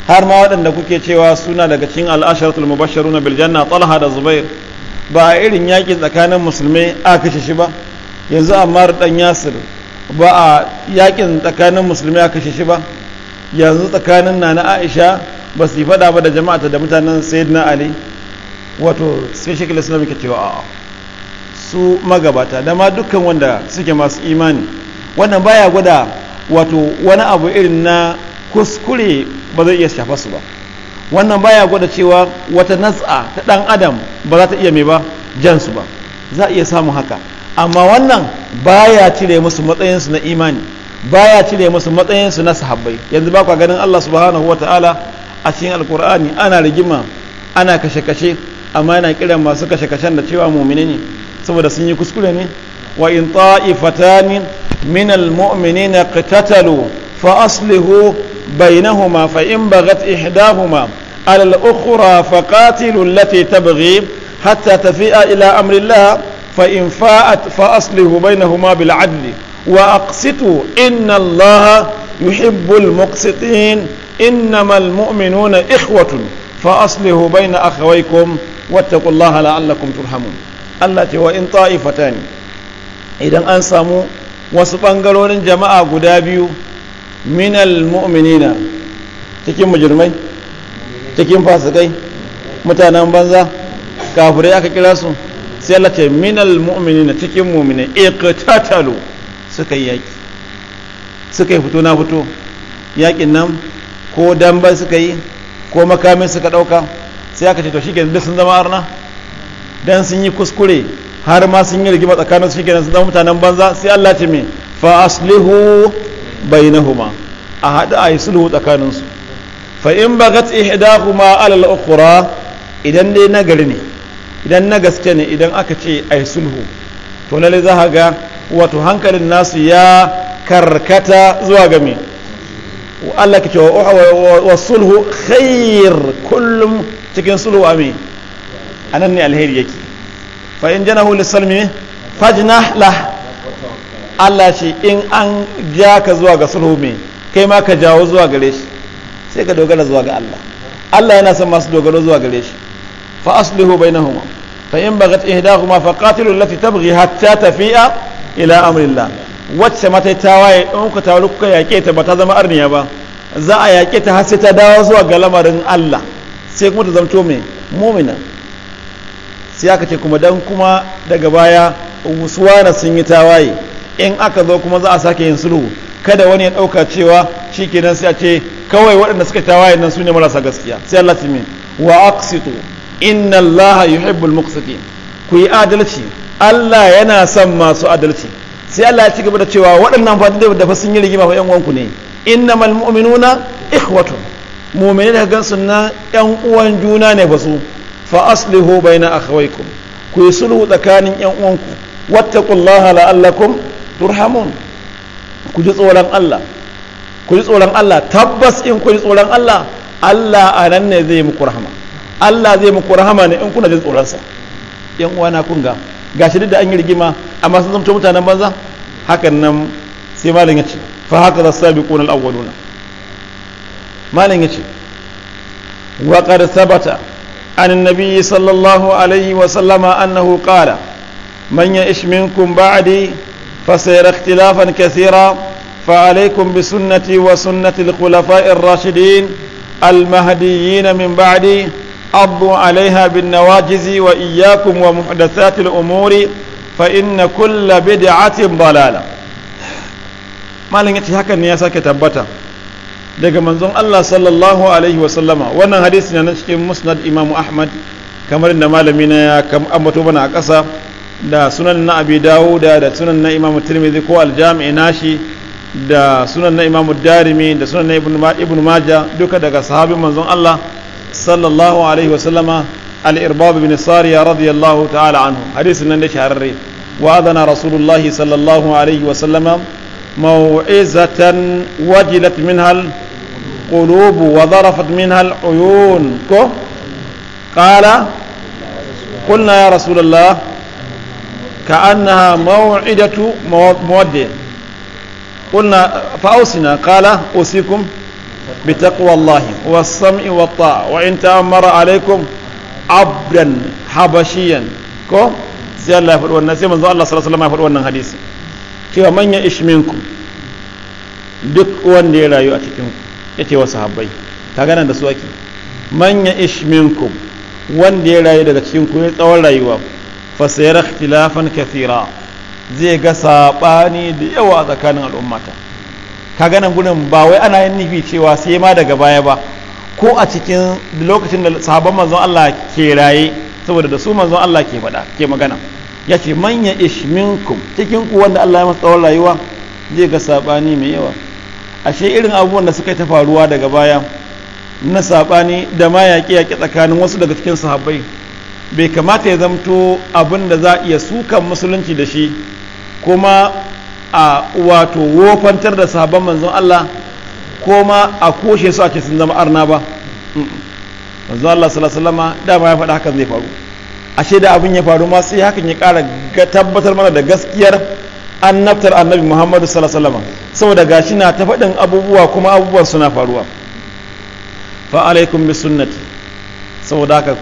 har ma waɗanda kuke cewa suna daga cikin al'asharatul mubasharu na biljanna talha da zubair ba a irin yaƙi tsakanin musulmai a kashe shi ba yanzu ammar dan yasir ba a yaƙin tsakanin musulmai a kashe shi ba yanzu tsakanin na na aisha ba su yi faɗa ba da jama'a ta da mutanen sayyidina ali wato sai shekul suna muke cewa a'a su magabata da ma dukkan wanda suke masu imani wannan baya gwada wato wani abu irin na kuskure ba zai iya shafa su ba wannan baya gwada cewa wata nasa ta dan adam ba za ta iya mai ba jansu ba za iya samun haka amma wannan baya cire musu matsayinsu na imani baya cire musu matsayinsu na sahabbai yanzu ba ganin Allah subhanahu wataala a cikin alkur'ani ana rigima ana kashe-kashe amma yana kiran masu kashe-kashen da cewa mumine ne saboda sun yi kuskure ne wa in ta'ifatani min almu'minina qatatalu fa aslihu bainahuma على الأخرى فقاتلوا التي تبغي حتى تفيء إلى أمر الله فإن فاءت فأصله بينهما بالعدل وأقسطوا إن الله يحب المقسطين إنما المؤمنون إخوة فأصله بين أخويكم واتقوا الله لعلكم ترحمون Allah ce wa in ta'ifatan idan an samu wasu bangarorin jama'a guda biyu minal mu'minina cikin mujirmai cikin fasikai mutanen banza kafirai aka kira su sai Allah ce minal mu'minina cikin mu'mine iqtatalu suka yi yaki suka yi fito na fito yakin nan ko damban suka yi ko makamin suka dauka sai aka ce to shikenan duk sun zama arna dan sun yi kuskure har ma sun yi rigima tsakanin su kenan sun zama mutanen banza sai Allah ce me fa aslihu bainahuma a hada ayi sulhu tsakanin su fa in bagat ihdahuma ala al-ukhra idan dai gari ne idan na gaske ne idan aka ce ayi sulhu to lalle za ga wato hankalin nasu ya karkata zuwa ga me Allah ke cewa wa sulhu khair kullum cikin sulhu amin anan ne alheri yake fa in janahu lisalmi fajnah lah Allah ce in an ja ka zuwa ga sulhu me kai ma ka jawo zuwa gare shi sai ka dogara zuwa ga Allah Allah yana son masu dogaro zuwa gare shi fa aslihu bainahuma fa in bagat ihdahuma fa qatilu allati tabghi hatta tafi'a ila amrillah wacce mata ta waye in ku taru kuka yake ta ba ta zama arniya ba za a yake ta har sai ta dawo zuwa ga lamarin Allah sai kuma ta zamto me mu'mina sai aka ce kuma dan kuma daga baya na sun yi tawaye in aka zo kuma za a sake yin sulhu kada wani ya ɗauka cewa shi nan sai a ce kawai waɗanda suka tawaye nan su ne marasa gaskiya sai Allah ta wa aqsitu inna allaha yuhibbul muqsitin ku yi adalci Allah yana son masu adalci sai Allah ya ci gaba da cewa waɗannan fadin da fa sun yi rigima fa yan uwanku ne innamal mu'minuna ikhwatu mu'minin da gansu na yan uwan juna ne fa su fa aslihu bayna akhawaykum ku yusulu sulhu tsakanin yan uwanku wattaqullaha la'allakum turhamun ku ji tsoron Allah ku ji tsoron Allah tabbas in ku ji tsoron Allah Allah a nan ne zai muku rahama Allah zai muku rahama ne in kuna jin sa. yan uwana kun ga gashi duk da an yi rigima amma sun zamto mutanen banza hakan nan sai malam ya ce fa haka za sabi kuna al'awwaluna malam ya ce wa qad sabata عن النبي صلى الله عليه وسلم أنه قال من يعش منكم بعدي فسير اختلافا كثيرا فعليكم بسنتي وسنة الخلفاء الراشدين المهديين من بعدي عضوا عليها بالنواجز وإياكم ومحدثات الأمور فإن كل بدعة ضلالة ما لنجت هكا نياسا كتبتها daga manzon Allah sallallahu alaihi wa sallama wannan hadisi na cikin musnad imamu ahmad kamar inda malami na ya ambato mana a ƙasa da sunan na abi dawuda da sunan na imamu tirmidhi ko aljami'i nashi da sunan na imamu darimi da sunan na ibnu maja duka daga sahabin manzon Allah sallallahu alaihi wasallama al-irbab bin sariya radiyallahu ta'ala anhu hadisin nan da shahararre wa adana rasulullahi sallallahu alaihi wa wasallama موعظة وجلت منها القلوب وظرفت منها العيون قال قلنا يا رسول الله كأنها موعدة مودة قلنا فأوصنا قال أوصيكم بتقوى الله والسمع والطاعة وإن تأمر عليكم عبدا حبشيا كو سي الله يقول ونن سي الله صلى الله عليه وسلم يقول ونن حديث cewa man ya دك duk wanda يؤتكم yake wa sahabbai ta gana da su ake manya ishminku wanda ya rayu daga cikin ku ya tsawon rayuwa fa sayara ikhtilafan kathira zai ga sabani da yawa a tsakanin al'ummata ka gana gurin ba wai ana yin nufi cewa sai ma daga baya ba ko a cikin lokacin da sahabban manzon Allah ke raye saboda da su manzon Allah ke faɗa ke magana ya ce manya ishminkum cikin ku wanda Allah ya masa tsawon rayuwa zai ga sabani mai yawa ashe irin abubuwan da suka yi ta faruwa daga baya na sabani da ma yaƙe yaƙi tsakanin wasu daga cikin sahabbai bai kamata ya zamto abin da za iya sukan musulunci da shi kuma a wato wofantar da sahabban manzon Allah kuma a koshe su ake sun zama arna ba manzon Allah sallallahu dama ya faɗa hakan zai faru ashe da abin ya faru ma sai hakan ya ƙara tabbatar mana da gaskiyar annabtar annabi muhammadu sallallahu saboda gashi na ta faɗin abubuwa kuma abubuwan suna faruwa fa alaikum bi sunnati saboda haka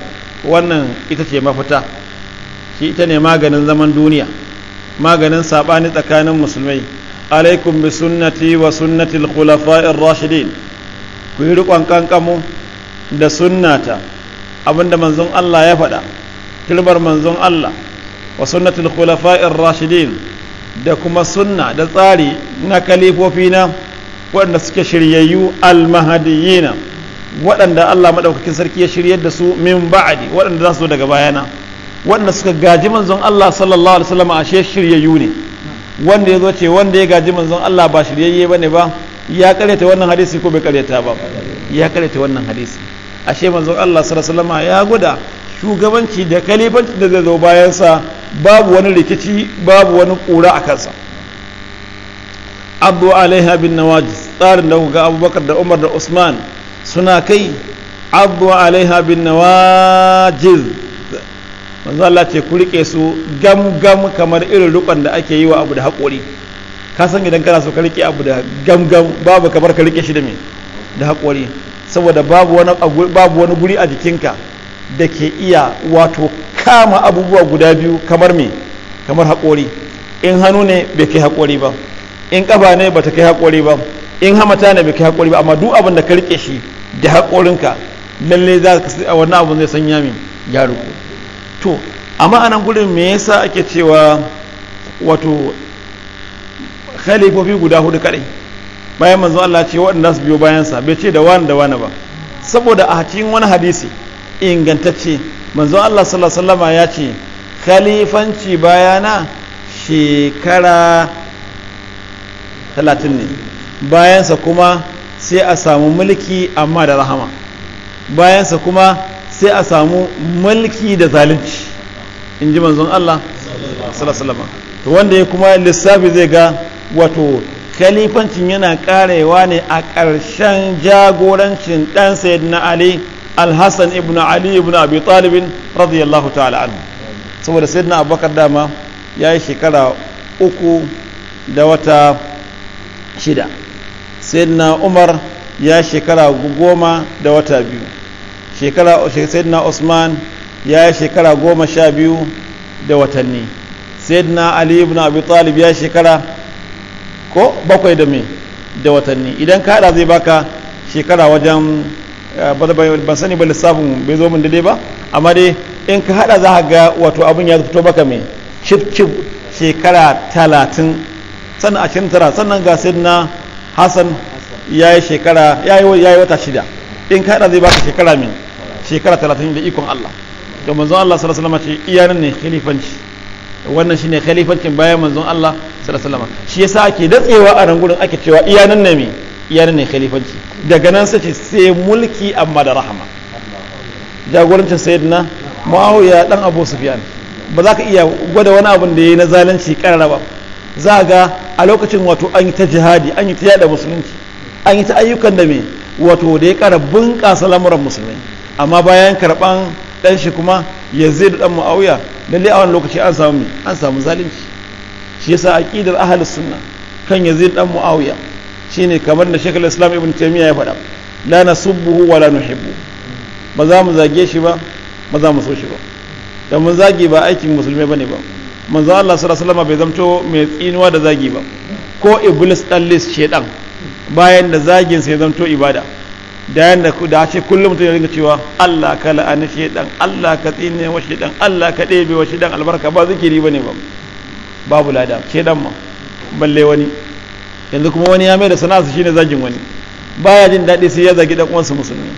wannan ita ce mafita shi ita ne maganin zaman duniya maganin sabani tsakanin musulmai alaikum bi sunnati wa sunnati al ar rashidin ku yi riƙon kankamu da sunnata abinda manzon Allah ya faɗa kirbar manzon Allah wa sunnatul ar rashidin da kuma sunna da tsari na kalifofina waɗanda suke shiryayyu almahadiyina waɗanda Allah maɗaukakin sarki ya shiryar da su min ba'adi waɗanda za su daga bayana waɗanda suka gaji manzon Allah sallallahu alaihi wasallam ashe shiryayyu ne wanda ya zo ce wanda ya gaji manzon Allah ba shiryayye ne ba ya karyata wannan hadisi ko bai karyata ba ya karyata wannan hadisi ashe manzon Allah sallallahu alaihi wasallam ya guda shugabanci da kalibanci da zai zo bayansa babu wani rikici babu wani ƙura a kansa abu alaiha bin nawajis tsarin da ga abubakar da umar da usman suna kai abu alaiha bin nawajis manzala ce ku rike su gam gam kamar irin rukon da ake yi wa abu da haƙori ka san idan kana so ka rike abu da gam gam babu kamar ka rike shi da me da haƙori saboda babu wani guri a jikinka da ke iya wato kama abubuwa guda biyu kamar me kamar haƙori in hannu ne bai kai haƙori ba in ƙafa ne ba ta kai haƙori ba in hamata ne bai kai haƙori ba amma duk abin da ka riƙe shi da haƙorinka lalle za ka a wannan abin zai sanya min ya ruku to amma anan gurin me yasa ake cewa wato khalifofi guda hudu kaɗai? bayan manzo Allah ce waɗanda su biyo bayansa bai ce da wani da wani ba saboda a cikin wani hadisi ingantacce manzo Allah sallallahu alaihi wasallam ya ce khalifanci bayana shekara 30 ne bayansa kuma sai a samu mulki amma da rahama bayansa kuma sai a samu mulki da zalunci in ji manzon Allah sallallahu to wanda ya kuma lissafi zai ga wato khalifancin yana karewa ne a ƙarshen jagorancin dan sayyidina Ali alhassan ibn ali ibn abi talibin radiyallahu ta'ala anhu saboda sayyidina abubakar dama ya yi shekara uku da wata shida sayyidina umar ya shekara goma da wata biyu shekara sayyidina usman ya yi shekara goma sha biyu da watanni sayyidina ali ibn abi talib ya shekara ko bakwai da me da watanni idan ka hada zai baka shekara wajen Eh, ban sani ba lissafin bai zo min daidai ba amma dai in ka hada za ga wato abin ya fito baka mai cif cif shekara talatin sannan a cikin tara sannan ga na hassan ya yi shekara ya yi wata shida in ka hada zai baka shekara mai shekara talatin da ikon allah da manzon allah sallallahu alaihi wasallam ce iyanin ne khalifanci wannan shine khalifancin bayan manzon Allah sallallahu alaihi wasallam shi yasa ake datsewa a nan gurin ake cewa iya nan ne yar ne khalifanci daga nan sai sai mulki amma da rahama jagorancin sayyidina muawiya dan abu sufyan ba za ka iya gwada wani abin da yayi na zalunci karara ba za ga a lokacin wato an yi ta jihadi an yi ta yada musulunci an yi ta ayyukan da me wato da ya kara bunƙasa lamuran musulmai amma bayan karban dan shi kuma yazid dan muawiya lalle a wani lokaci an samu an samu zalunci shi yasa aqidar ahlus sunna kan yazid dan muawiya shine kamar da shekul islam ibn taimiyya ya faɗa la nasubbuhu wa la nuhibbu ba za mu zage shi ba ba za mu so shi ba da mun zage ba aikin musulmi bane ba manzo Allah sallallahu alaihi bai zamto mai tsinuwa da zagi ba ko iblis dallis shedan bayan da zagin sai zamto ibada da yan da ce kullum mutum ya ringa cewa Allah ka la'ani shedan Allah ka tsine wa shedan Allah ka ɗebe wa shedan albarka ba zikiri bane ba babu lada shedan ma balle wani yanzu kuma wani ya mai da sana'a shine zagin wani baya jin daɗi sai ya zagi ɗan uwansa musulmi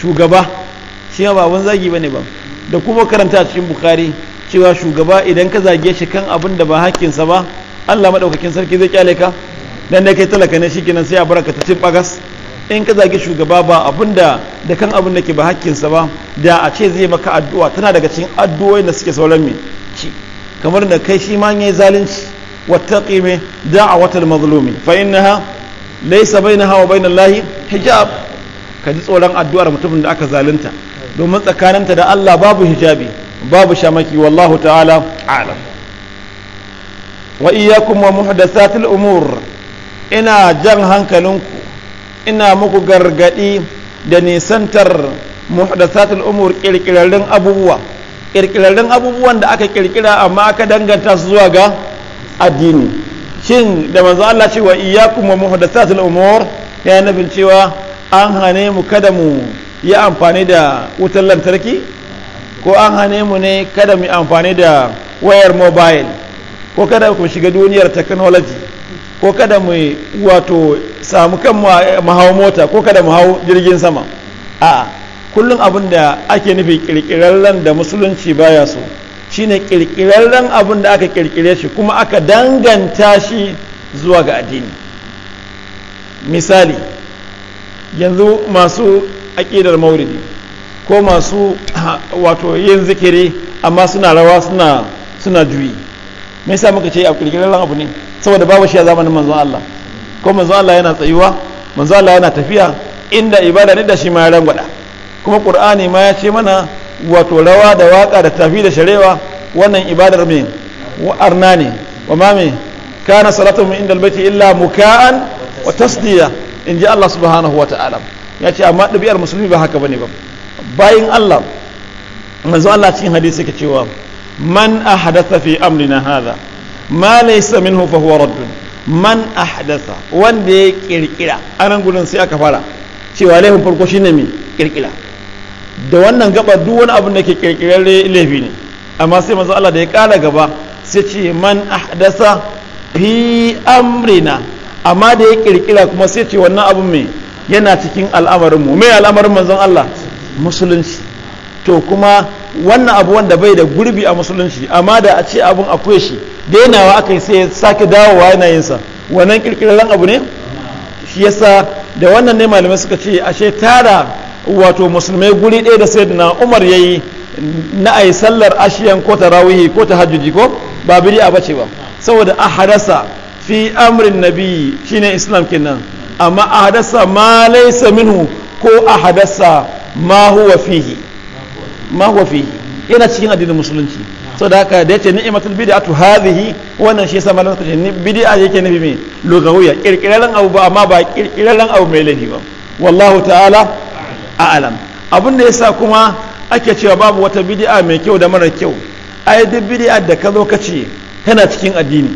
shugaba shi ma ba zagi bane ba da kuma karanta a cikin bukari cewa shugaba idan ka zage shi kan abin da ba hakkinsa ba Allah maɗaukakin sarki zai kyale ka dan da kai talaka ne shikenan sai a baraka ta cin bagas in ka zage shugaba ba abin da da kan abin da ke ba hakkinsa ba da a ce zai maka addu'a tana daga cikin addu'o'in da suke sauran me ci kamar da kai shi ma yayi zalunci wattaqi me da'awatal mazlumi fa innaha laysa bainaha wa bainallahi hijab ka ji tsoron addu'ar mutumin da aka zalunta domin tsakaninta da Allah babu hijabi babu shamaki wallahu ta'ala a'lam wa iyyakum wa muhdathatil umur ina jan hankalinku ina muku gargadi da nisantar muhdathatul umur kirkirarrun abubuwa kirkirarrun abubuwan da aka kirkira amma aka danganta su zuwa ga addini shin da manzo Allah cewa iyyakum wa muhdathatil umur ya nabi cewa an hane mu kada mu yi amfani da wutar lantarki ko an hane mu ne kada mu amfani da wayar mobile ko kada mu shiga duniyar technology ko kada mu wato samu kan mu hau mota ko kada mu hau jirgin sama a'a kullum abin da ake nufi kirkirarren da musulunci baya so shine kirkirarren abin da aka kirkire shi kuma aka danganta shi zuwa ga addini misali yanzu masu aƙidar mauridi ko masu *clears throat* wato yin zikiri amma suna rawa suna suna juyi me sa muka ce a kirkirarren abu ne saboda babu shi a zamanin manzon Allah ko manzon Allah yana tsayuwa manzon Allah yana tafiya inda ibada ne da shi ma ya rangwada kuma ƙur'ani ma ya ce mana wato rawa da waka da tafi da sharewa wannan ibadar mai wa'arna ne wa ma mai kana salatun min inda albaiti illa muka'an wa tasdiya in ji Allah subhanahu wa ta'ala ya ce amma ɗabi'ar musulmi ba haka bane ba bayan Allah manzo Allah cikin hadisi yake cewa man ahdatha fi amrina hadha ma laysa minhu fa huwa raddun man ahdatha wanda ya kirkira anan gurin sai aka fara cewa laifin farko shine mai kirkira da wannan gaba duk wani abin da ke kirkirar laifi ne amma sai manzo Allah da ya kara gaba sai ce man ahdasa fi amrina amma da ya kirkira kuma sai ce wannan abin mai yana cikin al'amarin mu mai al'amarin manzon Allah musulunci to kuma wannan abu wanda bai da gurbi a musulunci amma da a ce abin akwai shi dainawa aka yi sai ya sake dawowa yana yin sa wannan kirkirar abu ne shi yasa da wannan ne malamai suka ce ashe tara wato musulmai guri ɗaya da na umar ya yi na a yi sallar ashiyan ko ta rawihi ko ta hajji ko ba biri a bace ba saboda a hadasa fi amrin nabi shine islam kenan amma a hadasa ma laisa minhu ko a hadasa ma huwa fihi ma huwa fihi yana cikin addinin musulunci saboda haka da yace ni'matul bid'atu hadhihi wannan shi yasa malamin suka ce bid'a yake nufi me lugawiya kirkirarren abu ba amma ba kirkirarren abu mai laifi ba wallahu ta'ala a'lam abin da yasa kuma ake cewa babu wata bidi'a mai kyau da mara kyau ai duk bid'a da ka zo ka ce tana cikin addini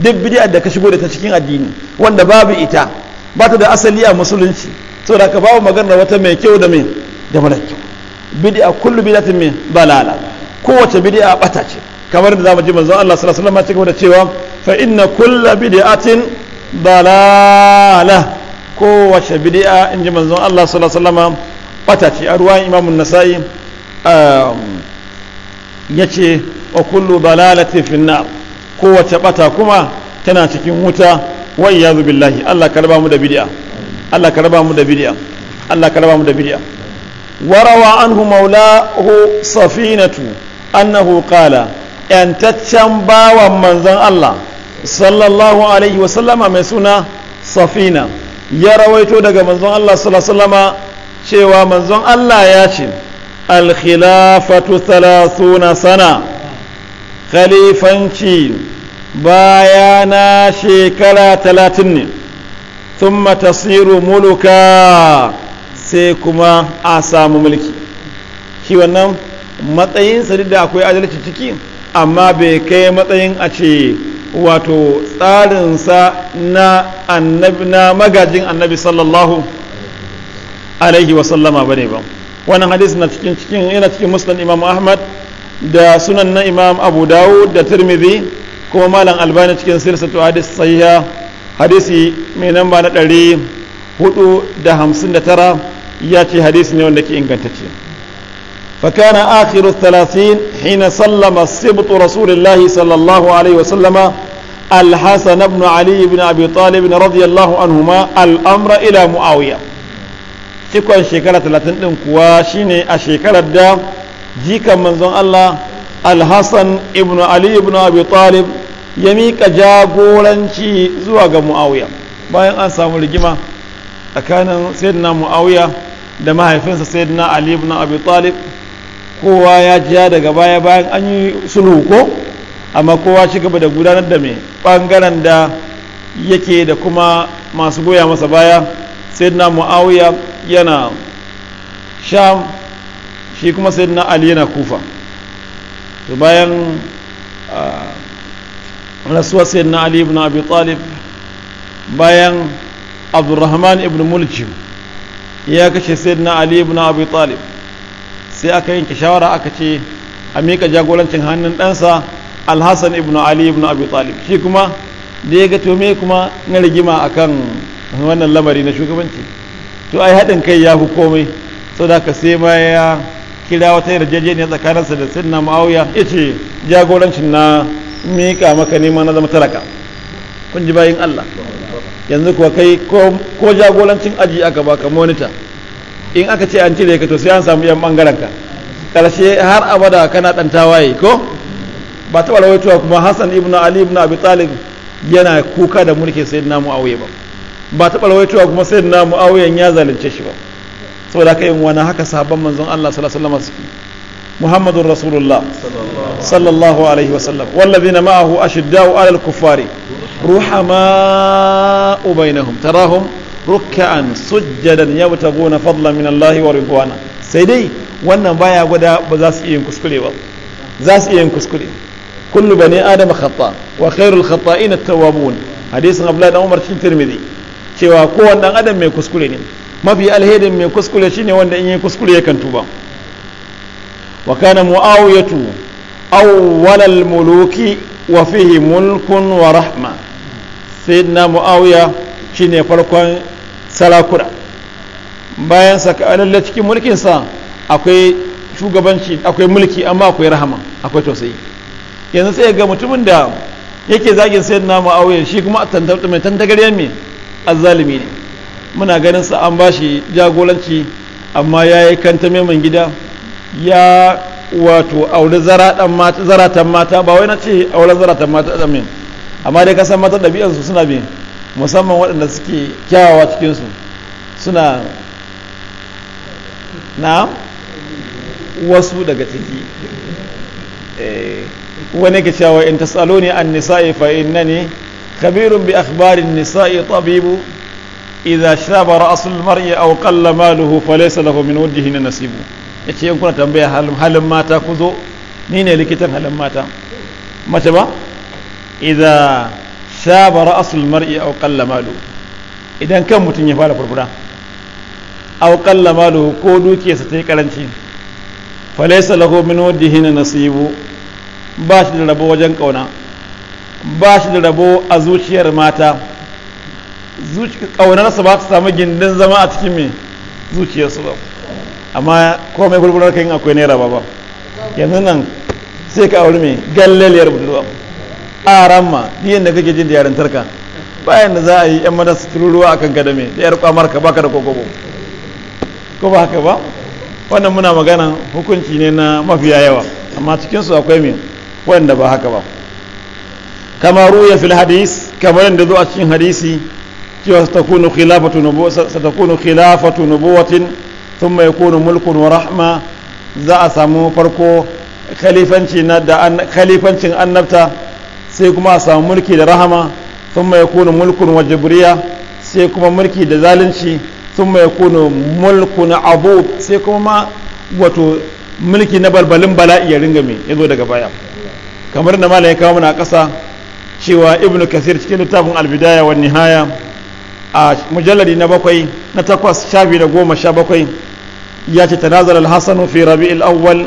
duk bid'a da ka shigo da ta cikin addini wanda babu ita ba ta da asali a musulunci saboda ka babu maganar wata mai kyau da mai da mara kyau bid'a kullu bid'atin min balala kowace bid'a bata ce kamar da zamu ji manzon Allah sallallahu alaihi wasallam ya ce cewa fa inna kullu bid'atin balala kowace bid'a in ji manzon Allah sallallahu alaihi wasallam bata ce a ruwan imamun nasa'i um, yace wa kullu dalalati fin nar kowace bata kuma tana cikin wuta wa iyazu billahi Allah ka raba mu da bid'a Allah ka raba mu da bid'a Allah ka raba mu da bid'a warawa anhu maulahu safinatu annahu qala yantaccen bawan manzon Allah sallallahu alaihi wasallama mai suna safina ya rawaito daga manzon Allah sallallahu cewa manzon Allah ya ce al-khilafatu thalathuna sana khalifanci baya na shekara talatin ne thumma tasiru muluka sai kuma a samu mulki shi wannan matsayin duk da akwai adalci ciki amma bai kai matsayin a ce wato tsarinsa na annabi na magajin annabi sallallahu alaihi wasallama bane ba wannan hadis na cikin cikin yana cikin muslim imam ahmad da sunan na imam abu dawud da tirmidhi kuma malam albani cikin silsatu hadis sahiha hadisi mai namba na ɗari da hamsin da tara ya ce hadisi ne wanda ke ingantacce فكان آخر الثلاثين حين سلم السبط رسول الله صلى الله عليه وسلم الحسن بن علي بن أبي طالب رضي الله عنهما الأمر إلى معاوية cikon shekara talatin ɗin kuwa shine a shekarar da jikan manzon Allah alhasan ibn ali ibn abi talib ya miƙa jagoranci zuwa ga mu'awiya bayan an samu rigima tsakanin sayyidina mu'awiya da mahaifinsa sayyidina ali ibn abi talib kowa ya jiya daga baya bayan an yi sulhu ko amma kowa shi gaba da gudanar da mai bangaren da yake da kuma masu goya masa baya sai na mu'awiya yana sham shi kuma sai na ali yana kufa bayan rasuwa sai na ali ibn abi talib bayan abdurrahman ibn mulki ya kashe sai na ali ibn abi talib sai aka yanke shawara aka ce a mika jagorancin hannun ɗansa alhassan ibn ali ibn abu talib shi kuma da ya ga tome kuma na rigima a kan wannan lamari na shugabanci to ai haɗin kai ya fi komai da ka sai ma ya kira wata yarjejeniya tsakaninsa da na ma'auya ya ce jagorancin na mika maka nema na zama talaka kun ji bayin allah yanzu kuwa kai ko jagorancin aji aka baka monita in aka ce an cire ka to sai an samu yan bangaren ka karshe har abada kana dan tawaye ko ba ta rawaitowa kuma hassan ibn ali ibn abi talib yana kuka da mulkin sayyidina muawiya ba ba taɓa rawaitowa kuma sayyidina muawiya ya zalunce shi ba saboda haka yin wani haka sahabban manzon Allah sallallahu alaihi wasallam suke muhammadur rasulullah sallallahu alaihi wasallam wallazina ma'ahu ashiddau alal kuffari ruhamaa bainahum tarahum rukka'an sujjadan gona fadlan min Allah wa ridwana sai dai wannan baya gwada ba za su iya yin kuskure ba za su iya yin kuskure kullu bani adama khata wa khairul khata'in at-tawwabun hadisin Abdullah dan Umar cikin Tirmidhi cewa kowanne dan adam mai kuskure ne mafi alherin mai kuskure shine wanda in yi kuskure yakan ba wa kana muawiyatu walal muluki wa fihi mulkun wa rahma sayyidina muawiya shine farkon sarakuna bayan lalle cikin mulkinsa akwai shugabanci akwai mulki amma akwai rahama akwai tausayi yanzu sai ga mutumin da yake zagin sayar na ma'auya shi kuma mai tantagariyar mai azzalimi ne muna ganin sa an bashi jagoranci amma ya yi kanta meman gida ya wato auri zaratan mata ba wai na ce auren zaratan mata ɗan amma dai kasan mata ɗabi'ansu suna bin musamman waɗanda suke kyawawa cikinsu suna na wasu daga ciki eh, wani ka cewa in ne an nisa'i na ne khabirun bi akhbarin nisa'i tabibu idan shaba ra'asul mar'i aw qalla maluhu hufale lahu min wajhihi nasibu yace in kuna tambaya halin mata ku zo ni ne likitan halin mata mace ba idan. sabara asul mar'i aw qalla malu idan kan mutum ya fara furfura aw qalla malu ko dukiyarsa ta yi karanci falaysa lahu min wajhihi nasibu ba shi da rabo wajen kauna ba shi da rabo a zuciyar mata kaunarsa ba ta samu gindin zama a cikin zuciyar zuciyarsu ba amma komai gurgurar kan akwai naira ba ba yanzu nan sai ka auri me gallaliyar budurwa a ramma biyan da kake jin da yaren tarka bayan da za a yi yan mana su turuwa akan ka da me da yar kwamar ka baka da kokobo ko ba haka ba wannan muna magana hukunci ne na mafiya yawa amma cikin su akwai mai wanda ba haka ba kama ruya fil hadis kamar yadda zo a cikin hadisi cewa satakunu khilafatu nubuwa satakunu khilafatu nubuwatin thumma yakunu mulkun wa rahma za a samu farko khalifanci na da khalifancin annabta sai kuma a samu mulki da rahama sun mai kuna mulkun wa jibriya sai kuma mulki da zalunci sun mai kuna mulkun abu sai kuma ma wato mulki na balbalin bala'i ya ringa mai zo daga baya kamar da malaya kawo mana ƙasa cewa ibnu kasir cikin littafin albidaya wa nihaya a mujalladi na bakwai na takwas sha biyu da goma sha bakwai ya ce tanazar alhassanu fi rabi'il awwal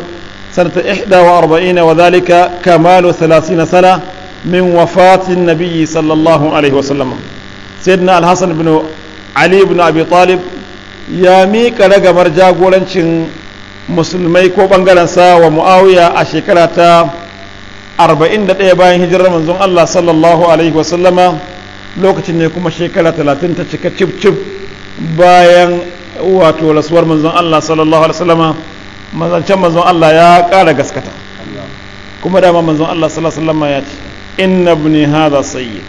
sanata ihda wa arba'ina wa zalika kamalu 30 sana min wafatin nabiyyi sallallahu alaihi wasallam sayyidina al-hasan ibn ali ibn abi talib ya miƙa ragamar jagorancin musulmai ko sa wa mu'awiya a shekara ta 41 bayan hijirar manzon Allah sallallahu alaihi wasallama lokacin ne kuma shekara 30 ta cika cif cif bayan wato rasuwar manzon Allah sallallahu alaihi wasallama manzancen manzon Allah ya ƙara gaskata kuma dama manzon Allah sallallahu alaihi wasallama ya ce inna ibni haza sayyid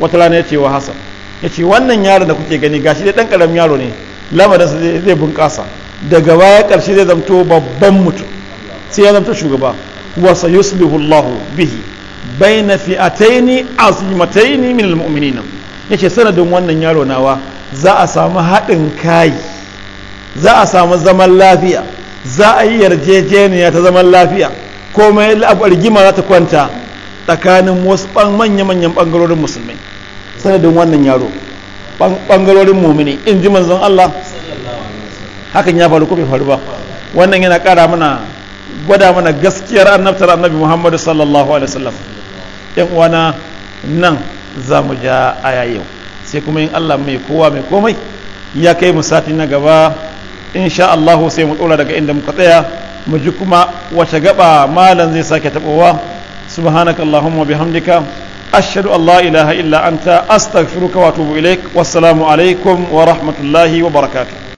wata rana ya ce wa hasan ya ce wannan yaron da kuke gani gashi dai dan karamin yaro ne Lamarin sa zai bunƙasa daga baya karshe zai zamto babban mutum sai ya zamto shugaba wa sayuslihu Allah bihi baina fi'ataini azimataini min almu'minin yace sanadin wannan yaro nawa za a samu haɗin kayi? za a samu zaman lafiya za a yi yarjejeniya ta zaman lafiya komai al'abar gima za ta kwanta tsakanin wasu manya-manyan bangarorin musulmi sanadin wannan yaro bangarorin mumini in ji manzon Allah hakan ya faru ko faru ba wannan yana kara mana gwada mana gaskiyar annabtar annabi muhammadu sallallahu alaihi wasallam yan uwana nan za mu ja aya yau sai kuma yin Allah mai kowa mai komai ya kai mu sati na gaba insha Allah sai mu ɗora daga inda muka tsaya mu ji kuma wace gaba malam zai sake taɓowa subhanaka allahumma bihamdika ashhadu an la ilaha illa anta astaghfiruka wa atubu ilaik wassalamu alaikum wa rahmatullahi wa barakatuh